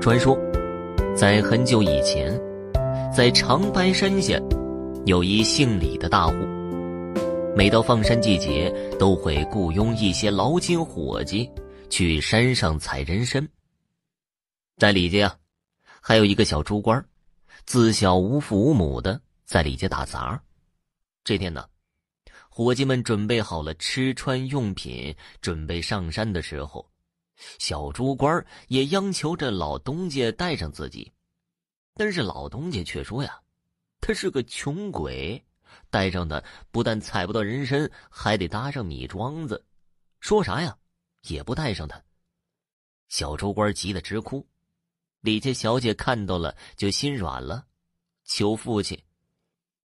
傳說，在很久以前，在長白山下，有一姓李的大戶。每到放山季節，都會僱傭一些勞金夥計去山上採人參。在李家啊，還有一個小豬官，自小無父無母的，在李家打雜。這天呢，夥計們準備好了吃穿用品，準備上山的時候。小豬官也央求著老東家帶上自己，但是老東家卻說呀：“他是個窮鬼，帶上他不但踩不到人參，還得搭上米莊子。說啥呀，也不帶上他。”小豬官急得直哭。李家小姐看到了就心軟了，求父親：“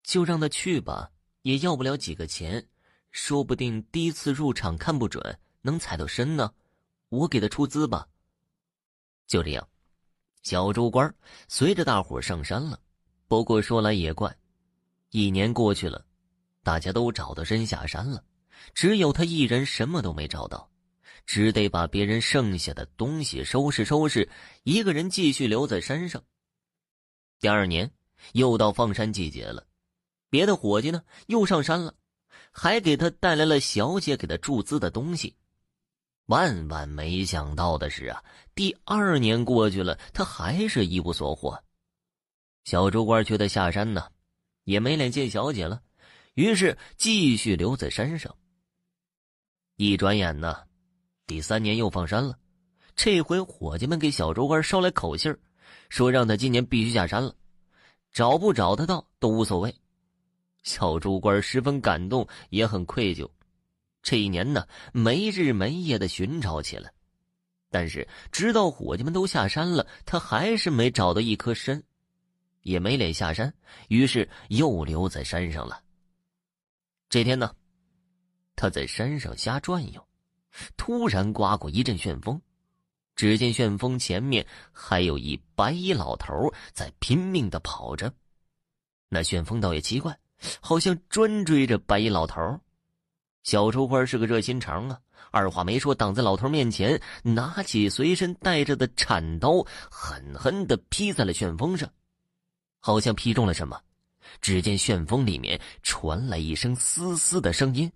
就讓他去吧，也要不了幾個錢，說不定第一次入場看不準，能踩到參呢。”我給他出資吧。就這樣，小周官隨着大夥上山了。不過說來也怪，一年過去了，大家都找到參下山了，只有他一人什麼都沒找到，只得把別人剩下的東西收拾收拾，一個人繼續留在山上。第二年又到放山季節了，別的夥計呢又上山了，還給他帶來了小姐給他注資的東西。萬萬沒想到的是啊，第二年過去了，他還是一無所獲。小豬官覺得下山呢，也沒臉見小姐了，於是繼續留在山上。一轉眼呢，第三年又放山了，這回夥計們給小豬官捎來口信兒，說讓他今年必須下山了，找不找得到都無所謂。小豬官十分感動，也很愧疚。這一年呢，沒日沒夜的尋找起來，但是直到夥計們都下山了，他還是沒找到一顆參，也沒臉下山，於是又留在山上了。這天呢，他在山上瞎轉悠，突然刮過一陣旋風，只見旋風前面還有一白衣老頭在拼命的跑着，那旋風倒也奇怪，好像專追着白衣老頭。小豬官是個熱心腸啊，二話沒說，擋在老頭面前，拿起隨身帶着的鏟刀，狠狠的劈在了旋風上，好像劈中了什麼。只見旋風裡面傳來一聲嘶嘶的聲音，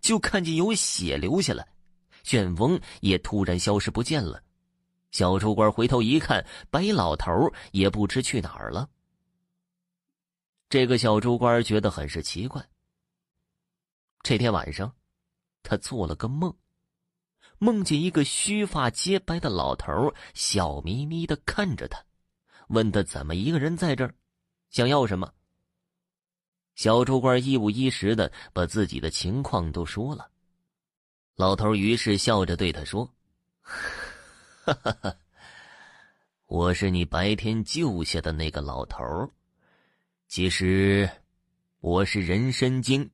就看見有血流下來，旋風也突然消失不見了。小豬官回頭一看，白老頭也不知去哪兒了。這個小豬官覺得很是奇怪。這天晚上，他做了個夢，夢見一個鬚髮皆白的老頭兒，笑眯眯的看着他，問他怎麼一個人在這兒，想要什麼。小豬倌一五一十的把自己的情況都說了，老頭兒於是笑着對他說，哈哈哈：“我是你白天救下的那個老頭兒，其實我是人參精。”